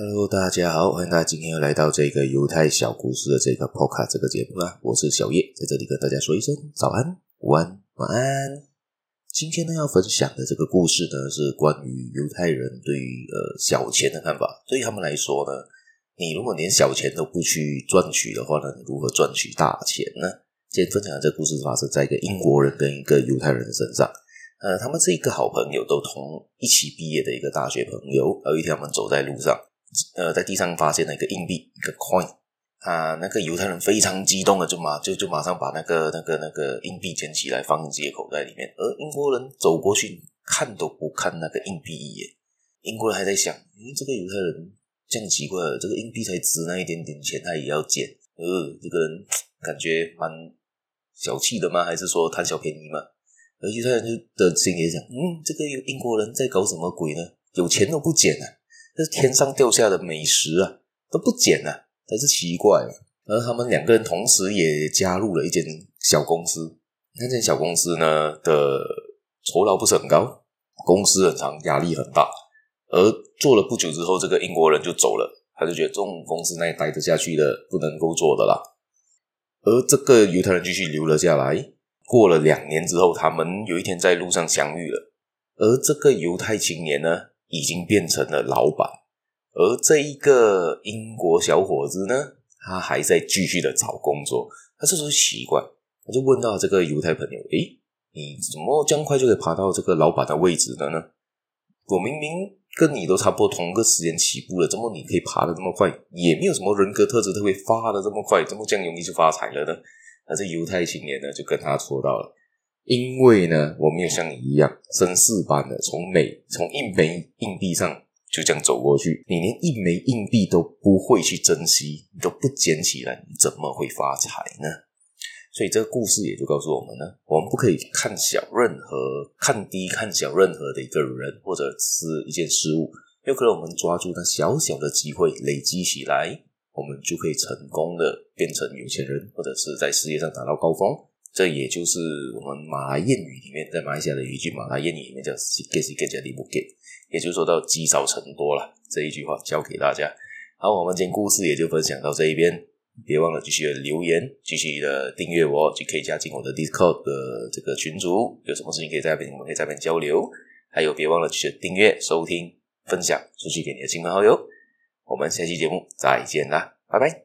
Hello，大家好，歡迎大家今天又來到這個猶太小故事的這個 Podcast 這個節目啦。我是小葉，在這裡跟大家說一聲早安、午安、晚安。今天呢要分享的這個故事呢，是關於猶太人對於呃小錢的看法。對於他們來說呢，你如果連小錢都不去賺取的話呢，你如何賺取大錢呢？今天分享的這個故事的話，是在一個英國人跟一個猶太人身上。呃，他們是一個好朋友，都同一起畢業的一個大學朋友，有一天他們走在路上。呃，在地上發現了一個硬幣，一個 coin。啊，那個猶太人非常激動的就馬就就馬上把那個那個那個硬幣撿起來，放進自己口袋裡面。而英國人走過去，看都不看那個硬幣一眼。英國人還在想，嗯，這個猶太人這樣奇怪了，這個硬幣才值那一點點錢，他也要撿。呃、嗯，這個人感覺蠻小氣的嗎？還是說貪小便宜嗎？而猶太人就的心裡想，嗯，這個英國人在搞什麼鬼呢？有錢都不撿啊！這天上掉下的美食啊，都不撿啊，真是奇怪啊。而他們兩個人同時也加入了一間小公司，那間小公司呢的酬勞不是很高，公司很長，壓力很大。而做了不久之後，這個英國人就走了，他就覺得這種公司那裡待得下去的不能夠做的啦。而這個猶太人繼續留了下來。過了兩年之後，他們有一天在路上相遇了，而這個猶太青年呢，已經變成了老闆，而這一個英國小夥子呢，他還在繼續的找工作。他這時候奇怪，他就問到這個猶太朋友：“誒，你怎麼這樣快就可以爬到這個老闆的位置的呢？我明明跟你都差不多同個時間起步了，怎麼你可以爬得這麼快？也沒有什麼人格特質，特別發的這麼快，怎麼這樣容易就發財了呢？”而這猶太青年呢，就跟他說道了。因為呢，我沒有像你一樣紳士般的從每從一枚硬幣上就這樣走過去，你連一枚硬幣都不會去珍惜，你都不撿起來，你怎麼會發財呢？所以這個故事也就告訴我們呢，我們不可以看小任何，看低看小任何的一個人或者是一件事物，有可能我們抓住那小小的機會累積起來，我們就可以成功的變成有錢人，或者是在事業上達到高峰。這也就是我們馬來諺語裡面，在馬來西亞的一句馬來諺語裡面叫 “sikit-sikit jadi bukit”，也就是說到積少成多了這一句話教給大家。好，我們今天故事也就分享到這一邊，別忘了繼續的留言，繼續的訂閱我，就可以加進我的 Discord 的這個群組，有什麼事情可以在那邊，我們可以在那邊交流。還有，別忘了繼續訂閱、收聽、分享，出去給你的親朋好友。我們下期節目再見啦，拜拜。